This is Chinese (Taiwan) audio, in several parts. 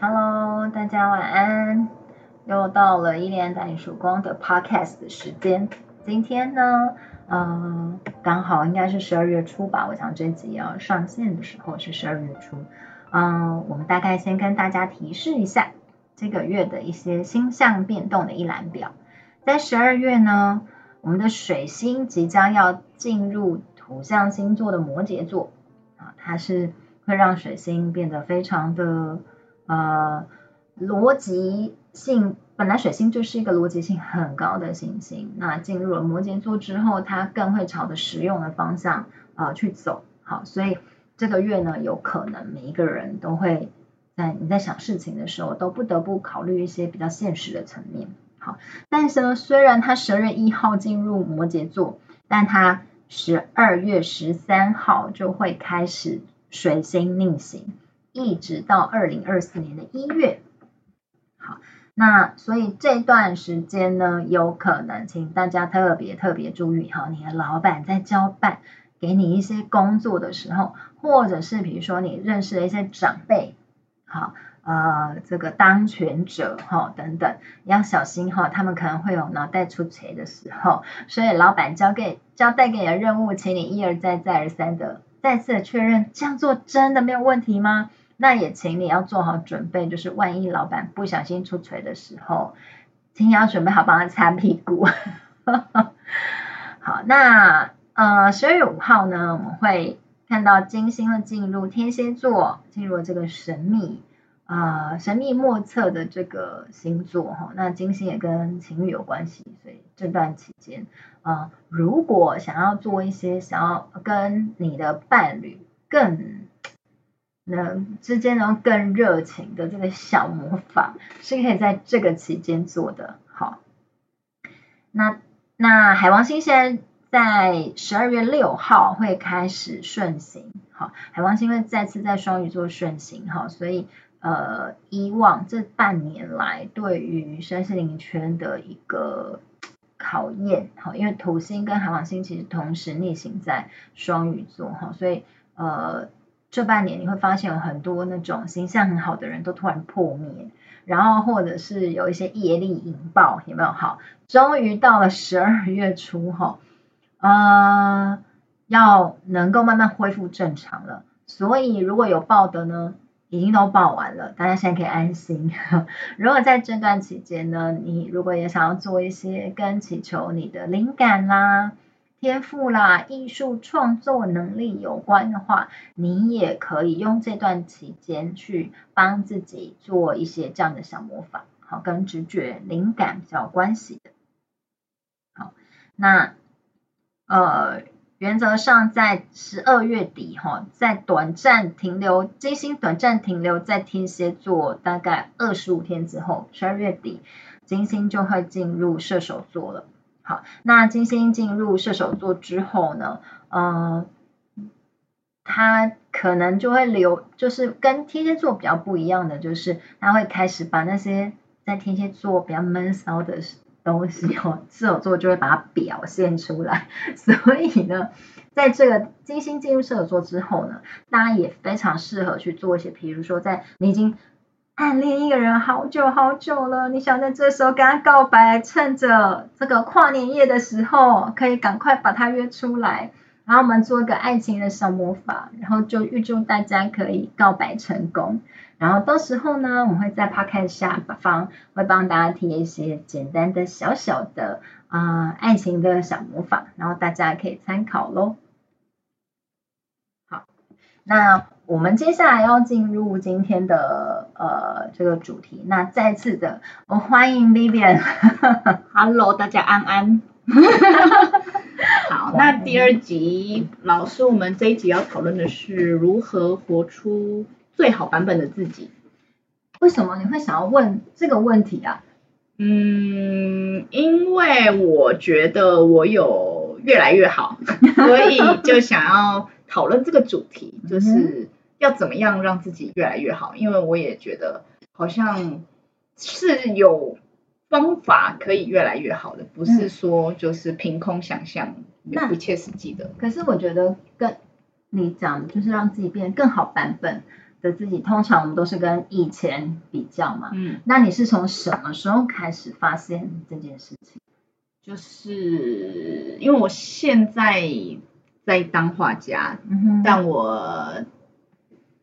Hello，大家晚安！又到了伊俐安大隱塾光的 Podcast 的時間。今天呢，嗯、呃，剛好應該是十二月初吧。我想這集要上線的時候是十二月初。嗯、呃，我們大概先跟大家提示一下這個月的一些星象變動的一覽表。在十二月呢，我們的水星即將要進入土象星座的摩羯座啊，它是會讓水星變得非常的。呃，邏輯性本來水星就是一個邏輯性很高的行星，那進入了摩羯座之後，它更會朝着實用的方向啊、呃、去走。好，所以這個月呢，有可能每一個人都會在你在想事情的時候，都不得不考慮一些比較現實的層面。好，但是呢，雖然它十二月一號進入摩羯座，但它十二月十三號就會開始水星逆行。一直到二零二四年的一月，好，那所以這段時間呢，有可能請大家特別特別注意哈，你的老闆在交辦給你一些工作的時候，或者是比如說你認識了一些長輩，好，呃，這個當權者哈、哦、等等，你要小心哈、哦，他們可能會有腦袋出槌的時候，所以老闆交給交代給你的任務，請你一而再再而三的。再次的確認，這樣做真的沒有問題嗎？那也請你也要做好準備，就是萬一老板不小心出槌的時候，請你要準備好幫他擦屁股。 好，那呃十二月五號呢，我們會看到金星會進入天蠍座，進入這個神秘。啊、呃，神秘莫測的這個星座哈、哦，那金星也跟情侶有關係，所以這段期間啊、呃，如果想要做一些想要跟你的伴侶更能之間能更熱情的這個小魔法，是可以在這個期間做的。好、哦，那那海王星現在在十二月六號會開始順行，好、哦，海王星會再次在雙魚座順行哈、哦，所以。呃，以往這半年來對於身心靈圈的一個考驗，哈，因為土星跟海王星其實同時逆行在雙魚座，哈，所以呃，這半年你會發現有很多那種形象很好的人都突然破滅，然後或者是有一些業力引爆，有沒有？好，終於到了十二月初，哈，呃，要能夠慢慢恢復正常了。所以如果有爆的呢？已經都報完了，大家現在可以安心。 如果在這段期間呢，你如果也想要做一些跟祈求你的靈感啦、天賦啦、藝術創作能力有關的話，你也可以用這段期間去幫自己做一些這樣的小魔法，好，跟直覺、靈感比較有關係的。好，那呃。原則上在十二月底，哈，在短暫停留，金星短暫停留在天蠍座大概二十五天之後，十二月底，金星就會進入射手座了。好，那金星進入射手座之後呢，嗯、呃，他可能就會留，就是跟天蠍座比較不一樣的，就是他會開始把那些在天蠍座比較悶騷的。東西哦，射手座就會把它表現出來。所以呢，在這個金星進入射手座之後呢，大家也非常適合去做一些，比如說，在你已經暗戀一個人好久好久了，你想在這時候跟他告白，趁着這個跨年夜的時候，可以趕快把他約出來，然後我們做一個愛情的小魔法，然後就預祝大家可以告白成功。然後到時候呢，我會在 podcast 下方會幫大家貼一些簡單的小小的啊、呃、愛情的小魔法，然後大家可以參考嘍。好，那我們接下來要進入今天的呃這個主題。那再次的，我、哦、歡迎 Vivian。哈哈哈哈哈 Hello，大家安安。 好，那第二集，嗯、老師，我們這一集要討論的是如何活出。最好版本的自己。為什麼你會想要問這個問題啊？嗯，因為我覺得我有越來越好， 所以就想要討論這個主題，就是要怎麼樣讓自己越來越好。嗯、哼因為我也覺得好像是有方法可以越來越好的，不是說就是憑空想象、不切實際的。可是我覺得跟你講，就是讓自己變得更好版本。的自己，通常我們都是跟以前比較嘛。嗯，那你是從什麼時候開始發現這件事情？就是因為我現在在當畫家，嗯哼。但我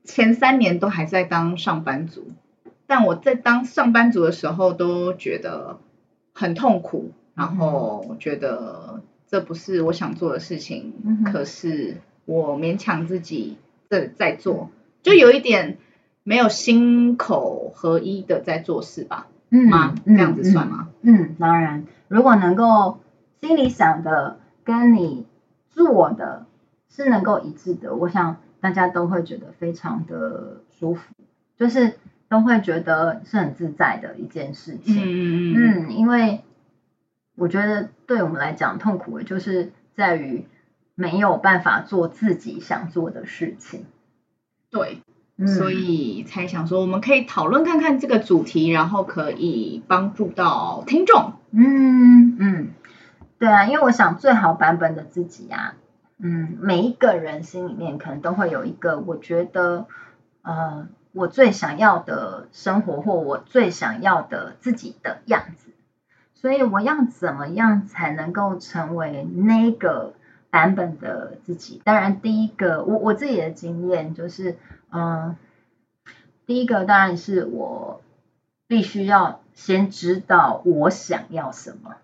前三年都還在當上班族。但我在當上班族的時候，都覺得很痛苦，嗯哼。然後覺得這不是我想做的事情。嗯哼。可是我勉強自己在這在做。嗯就有一點沒有心口合一的在做事吧，嗯、啊，嗯、這樣子算嗎？嗯，嗯，嗯，當然，如果能夠心裡想的跟你做的，是能夠一致的，我想大家都會覺得非常的舒服，就是都會覺得是很自在的一件事情。嗯嗯，嗯，嗯，因為我覺得對我們來講，痛苦的就是在於沒有辦法做自己想做的事情。對，所以才想說，我們可以討論看看這個主題，然後可以幫助到聽眾。嗯嗯，對啊，因為我想最好版本的自己呀、啊，嗯，每一個人心裡面可能都會有一個，我覺得呃，我最想要的生活或我最想要的自己的樣子，所以我要怎麼樣才能夠成為那個。版本的自己。當然第一個，我我自己的經驗就是，嗯，第一個當然是我必須要先知道我想要什麼。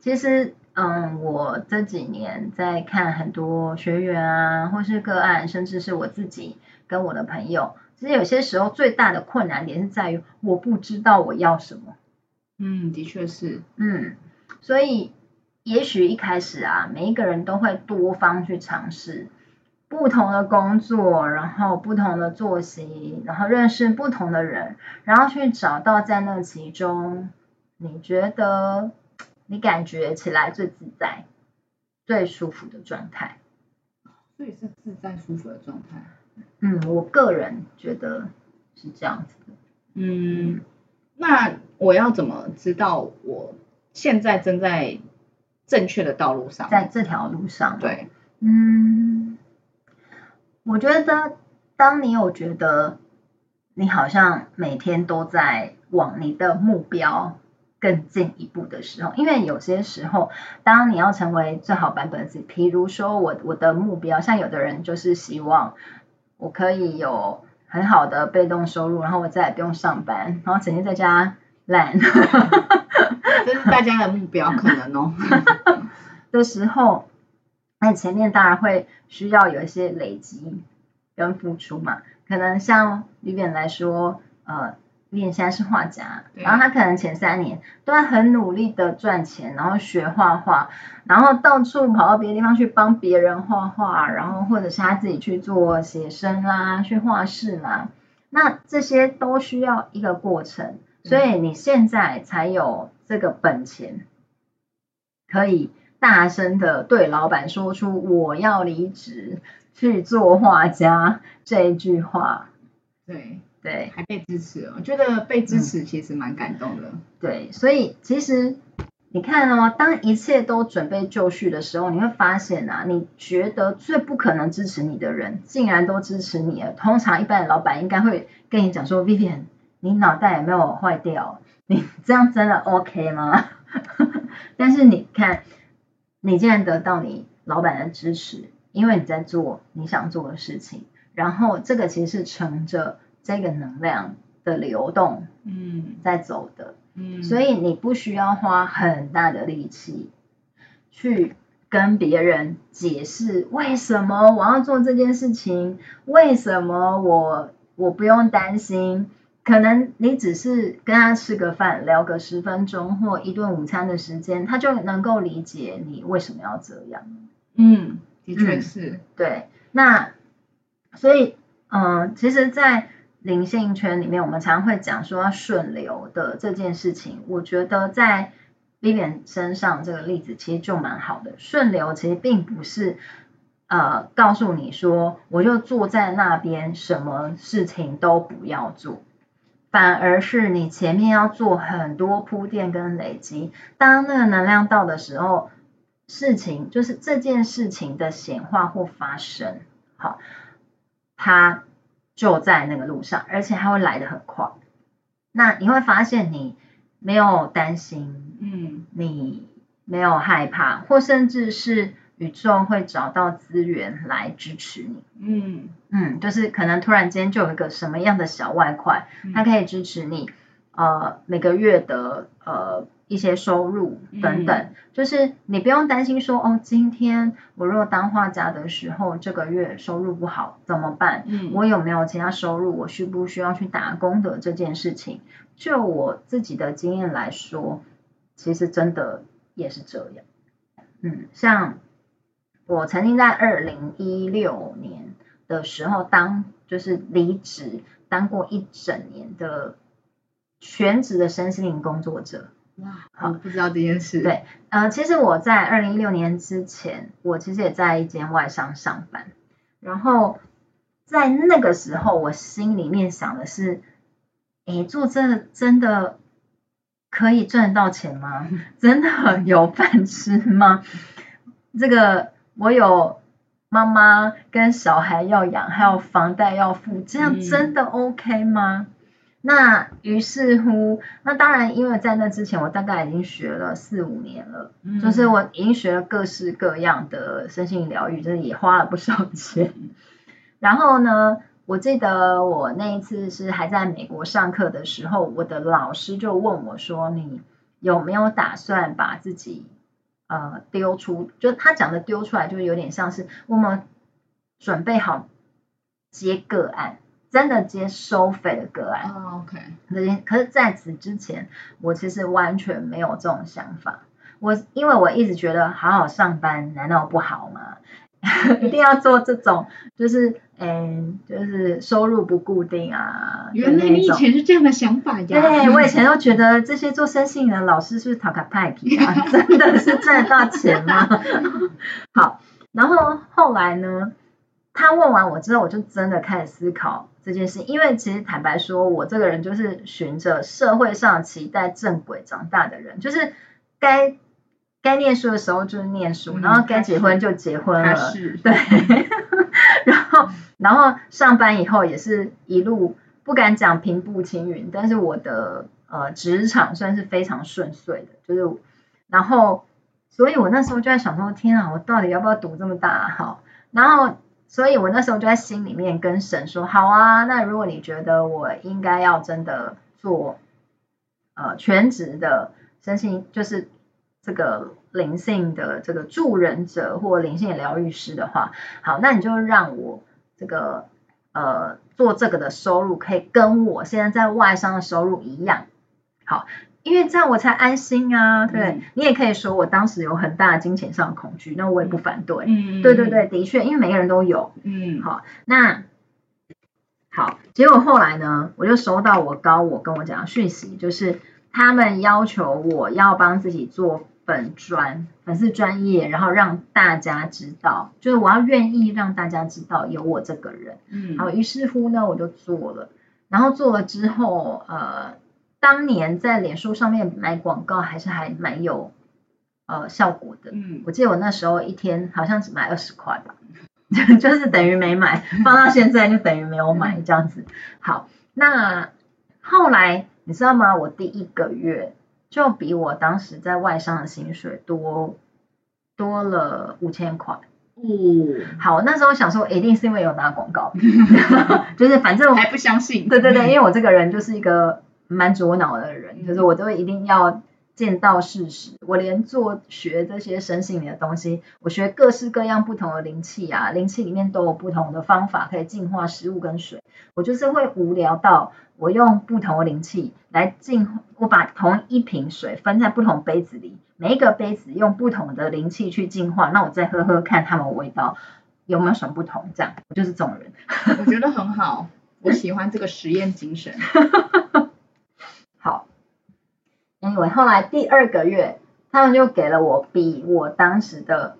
其實，嗯，我這幾年在看很多學員啊，或是個案，甚至是我自己跟我的朋友，其實有些時候最大的困難點是在於我不知道我要什麼。嗯，的確是。嗯，所以。也許一開始啊，每一個人都會多方去嘗試不同的工作，然後不同的作息，然後認識不同的人，然後去找到在那其中你覺得你感覺起來最自在、最舒服的狀態，所以是自在舒服的狀態。嗯，我個人覺得是這樣子的。嗯，嗯，那我要怎麼知道我現在正在？正確的道路上，在這條路上，對，嗯，我覺得當你有覺得你好像每天都在往你的目標更進一步的時候，因為有些時候，當你要成為最好版本的自己，比如說我我的目標，像有的人就是希望我可以有很好的被動收入，然後我再也不用上班，然後整天在家爛。 這是大家的目標可能哦，的 時候，那前面當然會需要有一些累積跟付出嘛。可能像李典來說，呃，李典現在是畫家，然後他可能前三年對都很努力的賺錢，然後學畫畫，然後到處跑到別的地方去幫別人畫畫，然後或者是他自己去做寫生啦、去畫室嘛，那這些都需要一個過程。所以你現在才有這個本錢，可以大聲的對老板說出我要離職去做畫家這一句話。對對，對還被支持哦，我覺得被支持其實蠻感動的。嗯、對，所以其實你看到、哦、嗎？當一切都準備就緒的時候，你會發現啊，你覺得最不可能支持你的人，竟然都支持你了。通常一般的老板應該會跟你講說，Vivian 你腦袋有沒有壞掉？你這樣真的 OK 嗎？ 但是你看，你竟然得到你老闆的支持，因為你在做你想做的事情，然後這個其實是乘着這個能量的流動，嗯，在走的，嗯，所以你不需要花很大的力氣去跟別人解釋為什麼我要做這件事情，為什麼我我不用擔心。可能你只是跟他吃個飯，聊個十分鐘或一頓午餐的時間，他就能夠理解你為什麼要這樣。嗯，的確、嗯、是。對，那所以，嗯、呃，其實，在靈性圈裡面，我們常會講說要順流的這件事情，我覺得在 Vivian 身上這個例子其實就蠻好的。順流其實並不是呃，告訴你說我就坐在那邊，什麼事情都不要做。反而是你前面要做很多鋪墊跟累積，當那個能量到的時候，事情就是這件事情的顯化或發生，好，它就在那個路上，而且它會來得很快。那你會發現你沒有擔心，嗯，你沒有害怕，或甚至是。宇宙會找到資源來支持你。嗯嗯，就是可能突然間就有一個什麼樣的小外快，嗯、它可以支持你呃每個月的呃一些收入等等。嗯、就是你不用擔心說哦，今天我如果當畫家的時候這個月收入不好怎麼辦？嗯、我有沒有其他收入？我需不需要去打工的這件事情？就我自己的經驗來說，其實真的也是這樣。嗯，像。我曾經在二零一六年的時候當，就是離職當過一整年的全職的身心靈工作者。哇、嗯，好不知道這件事。對，呃，其實我在二零一六年之前，我其實也在一間外商上班。然後在那個時候，我心裡面想的是，哎，做這真的可以賺得到錢嗎？真的有飯吃嗎？這個。我有媽媽跟小孩要養，還有房貸要付，這樣真的 OK 嗎？嗯、那於是乎，那當然，因為在那之前，我大概已經學了四五年了，嗯、就是我已經學了各式各樣的身心療癒，就是也花了不少錢。嗯、然後呢，我記得我那一次是還在美國上課的時候，我的老師就問我說：“你有沒有打算把自己？”呃，丟出，就他講的丟出來，就是有點像是我們準備好接個案，真的接收費的個案。Oh, OK，可是在此之前，我其實完全沒有這種想法。我因為我一直覺得好好上班，難道不好嗎？ 一定要做這種，就是，嗯、欸，就是收入不固定啊。原來你以前是這樣的想法呀？對，嗯、我以前都覺得這些做身心靈的老師是不是 p 個太平啊？真的是賺大錢嗎？ 好，然後後來呢，他問完我之後，我就真的開始思考這件事，因為其實坦白說，我這個人就是循着社會上期待正軌長大的人，就是該。該念書的時候就念書，然後該結婚就結婚了，嗯、是是對。 然後，然後上班以後也是一路不敢講平步青雲，但是我的呃職場算是非常順遂的，就是。然後，所以我那時候就在想說，天啊，我到底要不要賭這麼大哈、啊？然後，所以我那時候就在心裡面跟神說，好啊，那如果你覺得我應該要真的做呃全職的身心，就是。這個靈性的這個助人者或靈性療癒師的話，好，那你就讓我這個呃做這個的收入可以跟我現在在外商的收入一樣，好，因為這樣我才安心啊。對，嗯、你也可以說我當時有很大的金錢上的恐懼，那我也不反對。嗯對對對，的確，因為每個人都有。嗯，好，那好，結果後來呢，我就收到我高我跟我講的訊息，就是他們要求我要幫自己做。粉專，粉絲專頁，然後讓大家知道，就是我要願意讓大家知道有我這個人，嗯，好，於是乎呢，我就做了，然後做了之後，呃，當年在臉書上面買廣告還是還蠻有，呃，效果的，嗯，我記得我那時候一天好像只買二十塊吧， 就是等於沒買，放到現在就等於沒有買 這樣子。好，那後來你知道嗎？我第一個月。就比我當時在外商的薪水多，多了五千塊。哦，好，那時候想說一定是因為有打廣告，嗯、 就是反正我還不相信。對對對，嗯、因為我這個人就是一個蠻左腦的人，嗯、就是我都一定要。見到事實，我連做學這些身心靈的東西，我學各式各樣不同的靈氣啊，靈氣裡面都有不同的方法可以淨化食物跟水。我就是會無聊到我用不同的靈氣來淨，我把同一瓶水分在不同杯子裡，每一個杯子用不同的靈氣去淨化，那我再喝喝看它們味道有沒有什麼不同？這樣我就是這種人。我覺得很好，我喜歡這個實驗精神。 因為後來第二個月，他們就給了我比我當時的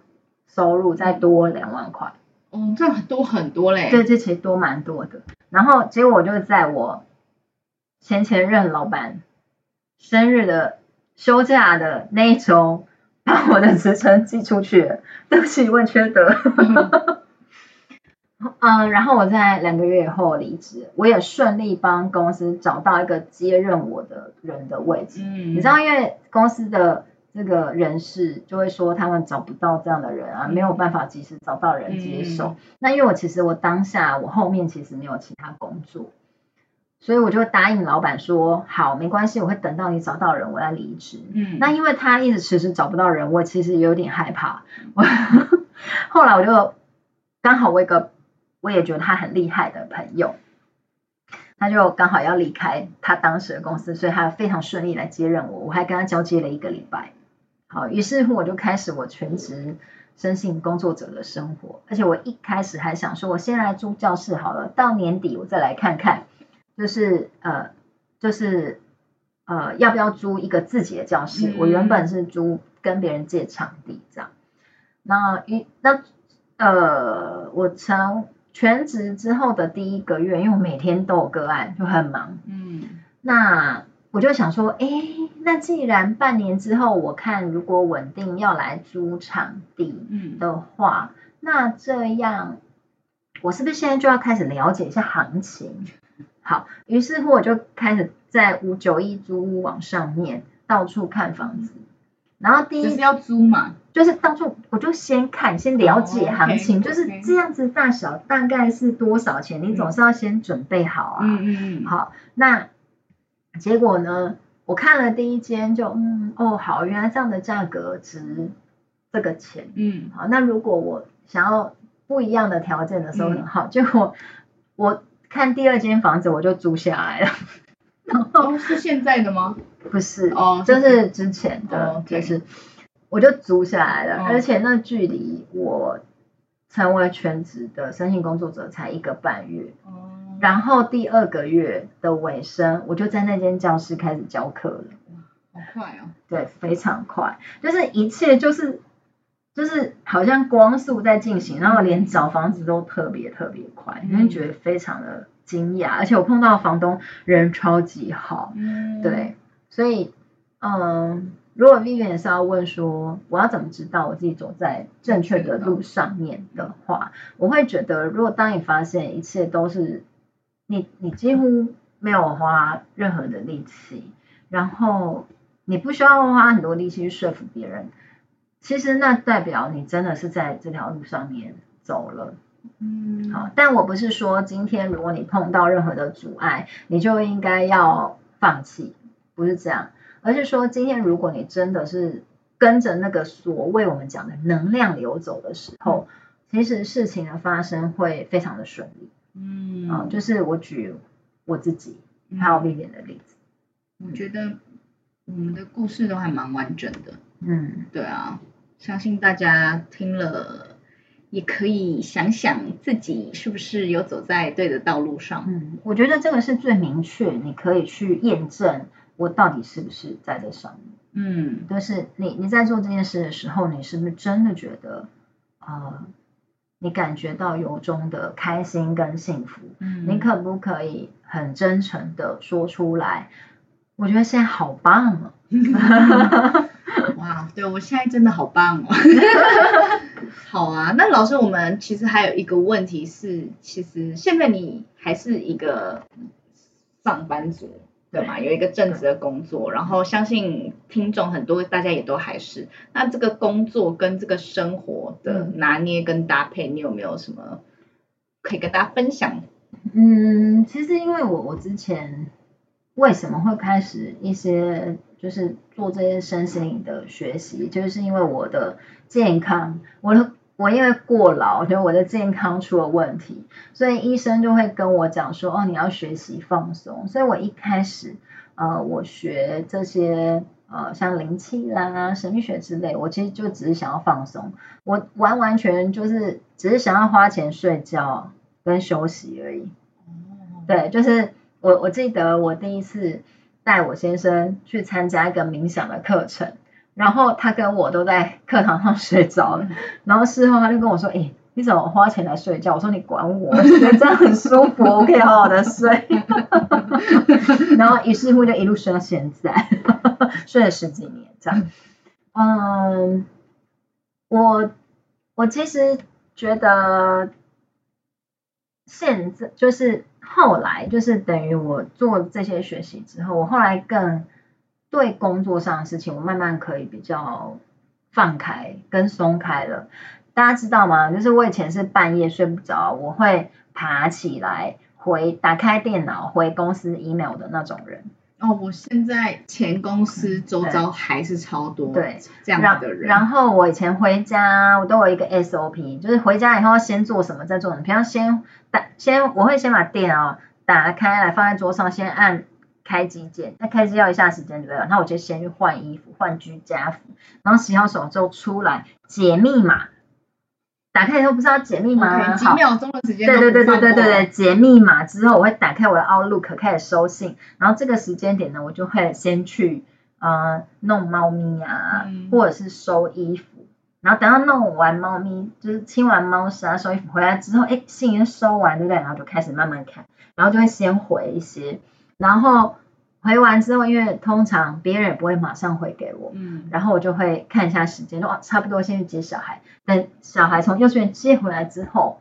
收入再多兩萬塊。嗯、哦，這很多很多嘞。對，這其實多蠻多的。然後結果我就在我前前任老闆生日的休假的那一週，把我的職稱寄出去了，對不起，我缺德。嗯嗯，然後我在兩個月以後離職，我也順利幫公司找到一個接任我的人的位置。嗯、你知道，因為公司的這個人事就會說他們找不到這樣的人啊，嗯、沒有辦法及時找到人接手。嗯、那因為我其實我當下我後面其實沒有其他工作，所以我就答應老闆說好，沒關係，我會等到你找到人，我再離職。嗯、那因為他一直遲，遲遲找不到人，我其實也有點害怕。我 後來我就剛好我一個。我也覺得他很厲害的朋友，他就剛好要離開他當時的公司，所以他非常順利來接任我。我還跟他交接了一個禮拜，好，於是乎我就開始我全職生性工作者的生活。而且我一開始還想說，我先來租教室好了，到年底我再來看看，就是呃，就是呃，要不要租一個自己的教室？我原本是租跟別人借場地這樣。那一那呃，我從全職之後的第一個月，因為我每天都有個案，就很忙。嗯，那我就想說，誒、欸，那既然半年之後我看如果穩定要來租場地的話，嗯、那這樣我是不是現在就要開始了解一下行情？好，於是乎我就開始在五九一租屋網上面到處看房子。然後第一是要租嘛，就是當初我就先看，先了解行情，就是這樣子大小大概是多少錢，你總是要先準備好啊。嗯好，那結果呢？我看了第一間就嗯，哦好，原來這樣的價格值這個錢。嗯。好，那如果我想要不一樣的條件的時候，很好，結果我看第二間房子我就租下來了。都、哦、是現在的嗎？不是，哦，就是之前的，哦、就是對我就租下來了，哦、而且那距離我成為全職的身心工作者才一個半月，哦，然後第二個月的尾聲，我就在那間教室開始教課了，好快哦，對，非常快，就是一切就是就是好像光速在進行，嗯、然後連找房子都特別特別快，你會、嗯、覺得非常的。驚訝，而且我碰到房東人超級好，嗯，對，所以，嗯，如果 Vivian 是要問說我要怎麼知道我自己走在正確的路上面的話，道我會覺得，如果當你發現一切都是你，你幾乎沒有花任何的力氣，然後你不需要花很多力氣去說服別人，其實那代表你真的是在這條路上面走了。嗯，好，但我不是說今天如果你碰到任何的阻礙，你就應該要放棄，不是這樣，而是說今天如果你真的是跟着那個所謂我們講的能量流走的時候，嗯，其實事情的發生會非常的順利。嗯，嗯，就是我舉我自己還有妹妹的例子，我覺得我們的故事都還蠻完整的。嗯，對啊，相信大家聽了，也可以想想自己是不是有走在對的道路上。嗯，我覺得這個是最明確，你可以去驗證我到底是不是在這上面。嗯，但是你你在做這件事的時候，你是不是真的覺得啊、呃，你感覺到由衷的開心跟幸福？嗯，你可不可以很真誠的說出來？我覺得現在好棒哦。 對，我現在真的好棒哦！ 好啊，那老師，我們其實還有一個問題是，其實現在你還是一個上班族對嗎？有一個正職的工作，對然後相信聽眾很多，大家也都還是。那這個工作跟這個生活的拿捏跟搭配，對你有沒有什麼可以跟大家分享？嗯，其實因為我我之前為什麼會開始一些。就是做這些身心靈的學習，就是因為我的健康，我的我因為過勞，所以我的健康出了問題，所以醫生就會跟我講說，哦，你要學習放鬆。所以我一開始，呃，我學這些呃，像靈氣啦、神秘學之類，我其實就只是想要放鬆，我完完全就是只是想要花錢睡覺跟休息而已。對，就是我我記得我第一次。帶我先生去參加一個冥想的課程，然後他跟我都在課堂上睡着了。然後事後他就跟我說：“哎、欸，你怎麼花錢來睡覺？”我說：“你管我，我覺得這樣很舒服， 我可以好好的睡。 ”然後於是乎就一路睡到現在，睡了十幾年這樣。嗯，我我其實覺得現在就是。後來就是等於我做這些學習之後，我後來更對工作上的事情，我慢慢可以比較放開跟鬆開了。大家知道嗎？就是我以前是半夜睡不着，我會爬起來回，打開電腦回公司 email 的那種人。哦，我現在前公司周遭還是超多對，這樣的人然。然後我以前回家，我都有一個 SOP，就是回家以後要先做什麼，再做什麼。平常先打先，我會先把電腦打開來放在桌上，先按開機鍵，那開機要一下時間，對不對？那我就先去換衣服，換居家服，然後洗好手之後出來解密碼。打開以後不是要解密碼嗎？Okay, 幾秒鐘的時間，對對對對對對對，解密碼之後，我會打開我的 Outlook 開始收信，然後這個時間點呢，我就會先去、呃、弄貓咪啊，嗯、或者是收衣服，然後等到弄完貓咪，就是清完貓砂、啊，收衣服回來之後，哎，信已經收完對不對？然後就開始慢慢看，然後就會先回一些，然後。回完之後，因為通常別人也不會馬上回給我，嗯，然後我就會看一下時間，哇，差不多先去接小孩，等小孩從幼稚園接回來之後，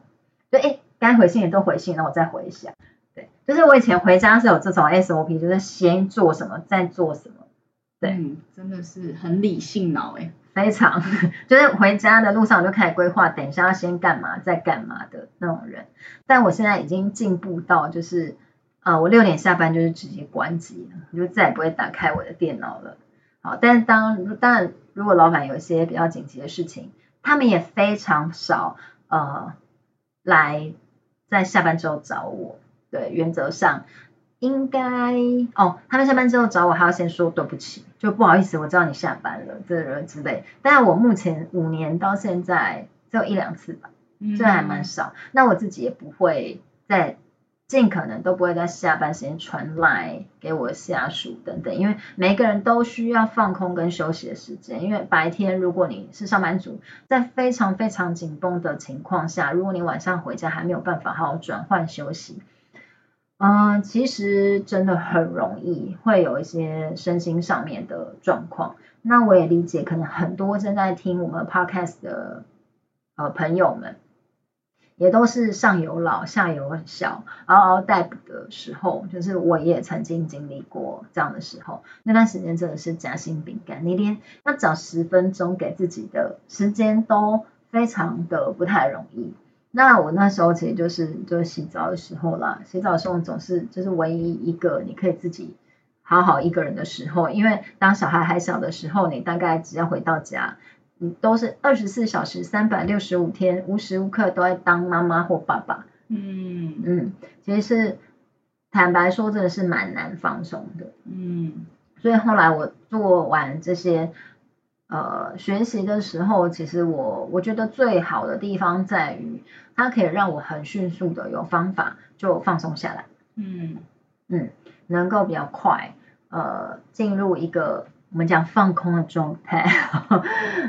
就哎，該回信也都回信，然後我再回一下，對，就是我以前回家是有這種 SOP，就是先做什麼，再做什麼，對、嗯，真的是很理性腦哎，非常，就是回家的路上我就開始規劃，等一下要先幹嘛，再幹嘛的那種人，但我現在已經進步到就是。啊、呃，我六點下班就是直接關機了，我就再也不會打開我的電腦了。好，但是當當然，如果老板有一些比較緊急的事情，他們也非常少呃來在下班之後找我。對，原則上應該哦，他們下班之後找我還要先說對不起，就不好意思，我知道你下班了，這人之類。但我目前五年到現在只有一兩次吧，這還蠻少。嗯、那我自己也不會在。盡可能都不會在下班時間傳來給我下屬等等，因為每個人都需要放空跟休息的時間。因為白天如果你是上班族，在非常非常緊繃的情況下，如果你晚上回家還沒有辦法好好轉換休息，嗯、呃，其實真的很容易會有一些身心上面的狀況。那我也理解，可能很多正在聽我們 podcast 的呃朋友們，也都是上有老下有小嗷嗷待哺的時候，就是我也曾經經歷過這樣的時候。那段時間真的是夾心餅乾，你連要找十分鐘給自己的時間都非常的不太容易。那我那時候其實就是就是洗澡的時候啦，洗澡的時候總是就是唯一一個你可以自己好好一個人的時候，因為當小孩還小的時候，你大概只要回到家。都是二十四小時、三百六十五天，無時無刻都在當媽媽或爸爸。嗯嗯，其實是坦白說，真的是蠻難放鬆的。嗯，所以後來我做完這些呃學習的時候，其實我我覺得最好的地方在於，它可以讓我很迅速的有方法就放鬆下來。嗯嗯，能夠比較快呃進入一個。我們講放空的狀態好，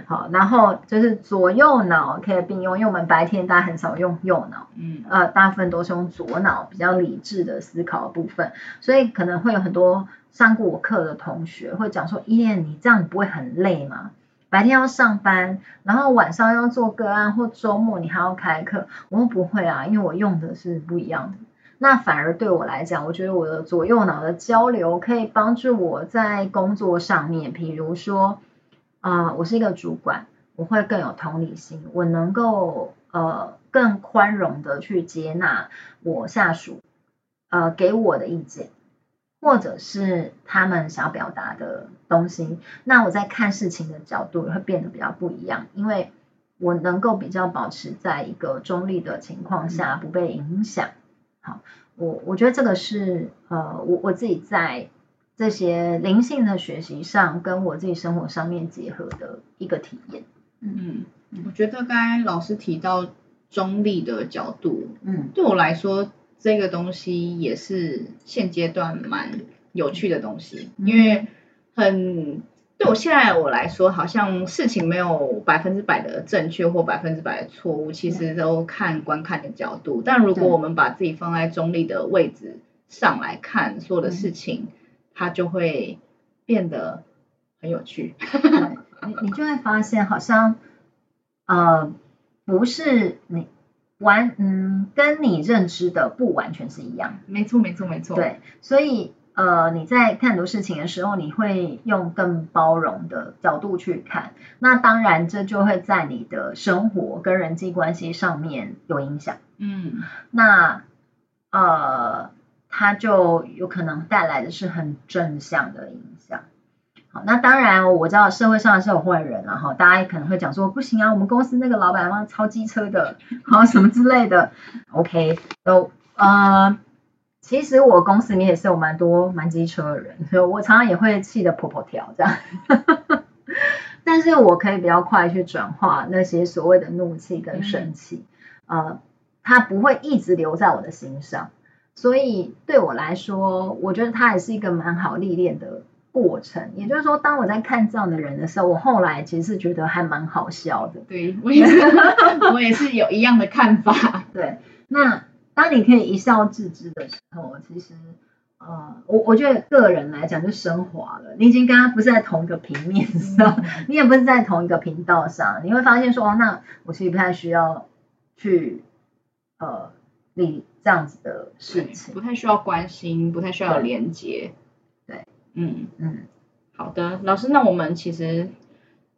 好，然後就是左右腦可以並用，因為我們白天大家很少用右腦，嗯，呃，大部分都是用左腦比較理智的思考的部分，所以可能會有很多上過我課的同學會講說，伊俐安、嗯，你這樣不會很累嗎？白天要上班，然後晚上要做個案，或周末你還要開課，我說不會啊，因為我用的是不一樣的。那反而對我來講，我覺得我的左右腦的交流可以幫助我在工作上面，比如說啊、呃，我是一個主管，我會更有同理心，我能夠呃更寬容的去接納我下屬呃給我的意見，或者是他們想要表達的東西。那我在看事情的角度會變得比較不一樣，因為我能夠比較保持在一個中立的情況下，嗯、不被影響。好，我我覺得這個是呃，我我自己在這些靈性的學習上，跟我自己生活上面結合的一個體驗。嗯，我覺得剛才老師提到中立的角度，嗯，對我來說這個東西也是現階段蠻有趣的東西，因為很。對我現在我來說，好像事情沒有百分之百的正確或百分之百的錯誤，其實都看觀看的角度。對但如果我們把自己放在中立的位置上來看做的事情，它就會變得很有趣。你對 你就會發現，好像呃，不是你完嗯，跟你認知的不完全是一樣的。沒錯沒錯沒錯。對，所以。呃，你在看很多事情的時候，你會用更包容的角度去看，那當然這就會在你的生活跟人際關係上面有影響。嗯，那呃，它就有可能帶來的是很正向的影響。好，那當然、哦、我知道社會上是有壞人、啊，然後大家也可能會講說不行啊，我們公司那個老闆媽超機車的，然後什麼之類的。OK，都、so, 呃。其實我公司裡面也是有蠻多蠻機車的人，所以我常常也會氣得噗噗跳這樣呵呵，但是我可以比較快去轉化那些所謂的怒氣跟生氣，嗯、呃，他不會一直留在我的心上，所以對我來說，我覺得他也是一個蠻好歷練的過程。也就是說，當我在看這樣的人的時候，我後來其實覺得還蠻好笑的。對，我也是， 我也是有一樣的看法。對，那。當你可以一笑置之的時候，其實，嗯、呃，我我覺得個人來講，就升華了。你已經跟他不是在同一個平面上，嗯、你也不是在同一個頻道上，你會發現說，哦，那我其實不太需要去，呃，理這樣子的事情，不太需要關心，不太需要連接。對，嗯嗯，好的，老師，那我們其實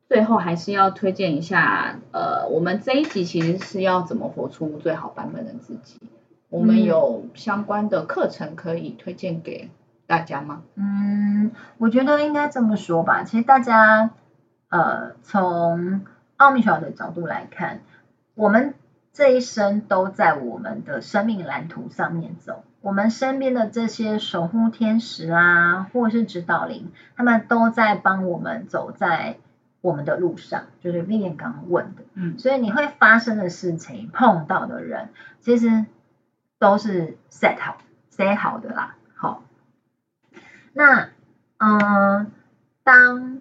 最後還是要推薦一下，呃，我們這一集其實是要怎麼活出最好版本的自己。我們有相關的課程可以推薦給大家嗎？嗯，我覺得應該這麼說吧。其實大家，呃，從奧秘學的角度來看，我們這一生都在我們的生命藍圖上面走。我們身邊的這些守護天使啊，或者是指導靈，他們都在幫我們走在我們的路上。就是威廉剛剛問的，嗯，所以你會發生的事情，碰到的人，其實。都是 set 好 set 好的啦，好，那嗯，當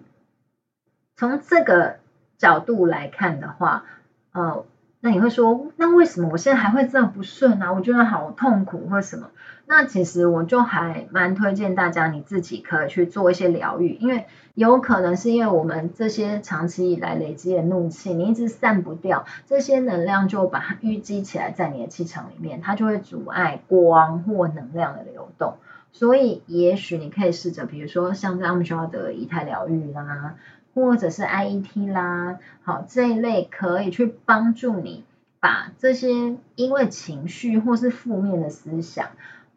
從這個角度來看的話，呃、嗯，那你會說，那為什麼我現在還會這麼不順啊？我覺得好痛苦，或者什麼？那其實我就還蠻推薦大家，你自己可以去做一些療癒，因為有可能是因為我們這些長期以來累積的怒氣，你一直散不掉，這些能量就把它淤積起來在你的氣場裡面，它就會阻礙光或能量的流動。所以也許你可以試着，比如說像他們姆休的儀態療癒啦，或者是 IET 啦，好，這一類可以去幫助你把這些因為情緒或是負面的思想。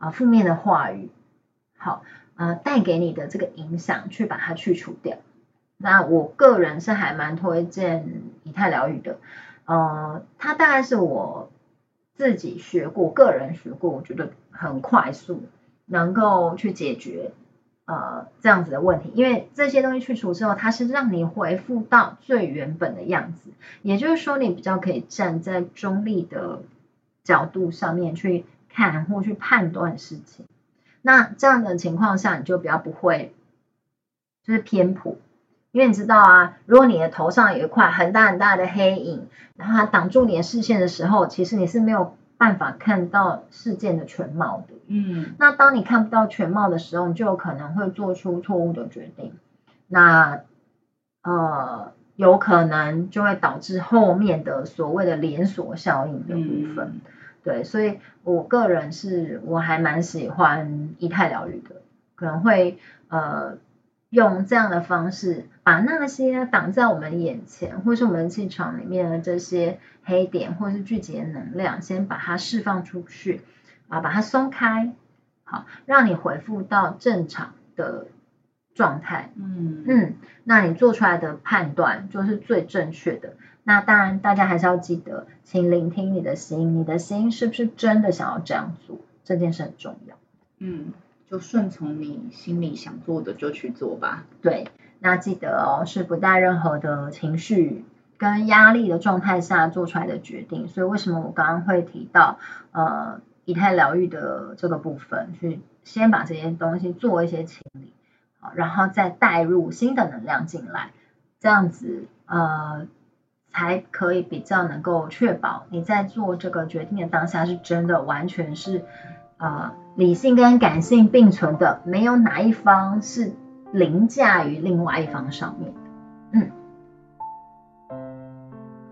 啊，負面的話語，好，呃，帶給你的這個影響，去把它去除掉。那我個人是還蠻推薦以太療癒的，呃，它大概是我自己學過，個人學過，我覺得很快速，能夠去解決呃這樣子的問題。因為這些東西去除之後，它是讓你恢復到最原本的樣子，也就是說，你比較可以站在中立的角度上面去。看或去判斷事情，那這樣的情況下，你就比較不會就是偏頗，因為你知道啊，如果你的頭上有一塊很大很大的黑影，然後它擋住你的視線的時候，其實你是沒有辦法看到事件的全貌的。嗯，那當你看不到全貌的時候，你就有可能會做出錯誤的決定，那呃，有可能就會導致後面的所謂的連鎖效應的部分。嗯對，所以我個人是我還蠻喜歡乙太療癒的，可能會呃用這樣的方式，把那些擋在我們眼前或是我們氣場裡面的這些黑點或者是聚集的能量，先把它釋放出去，啊，把它鬆開，好，讓你恢復到正常的狀態，嗯嗯，那你做出來的判斷就是最正確的。那當然，大家還是要記得，請聆聽你的心，你的心是不是真的想要這樣做？這件事很重要。嗯，就順從你心裡想做的就去做吧。對，那記得哦，是不帶任何的情緒跟壓力的狀態下做出來的決定。所以為什麼我剛剛會提到呃，以太療癒的這個部分，去先把這些東西做一些清理，然後再帶入新的能量進來，這樣子呃。才可以比較能夠確保你在做這個決定的當下是真的完全是呃理性跟感性並存的，沒有哪一方是凌駕於另外一方上面。嗯，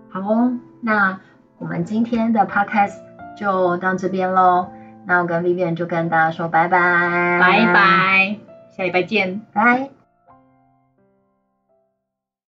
好哦，那我們今天的 podcast 就到這邊嘍。那我跟 Vivian 就跟大家說拜拜，拜拜，下禮拜見，拜拜。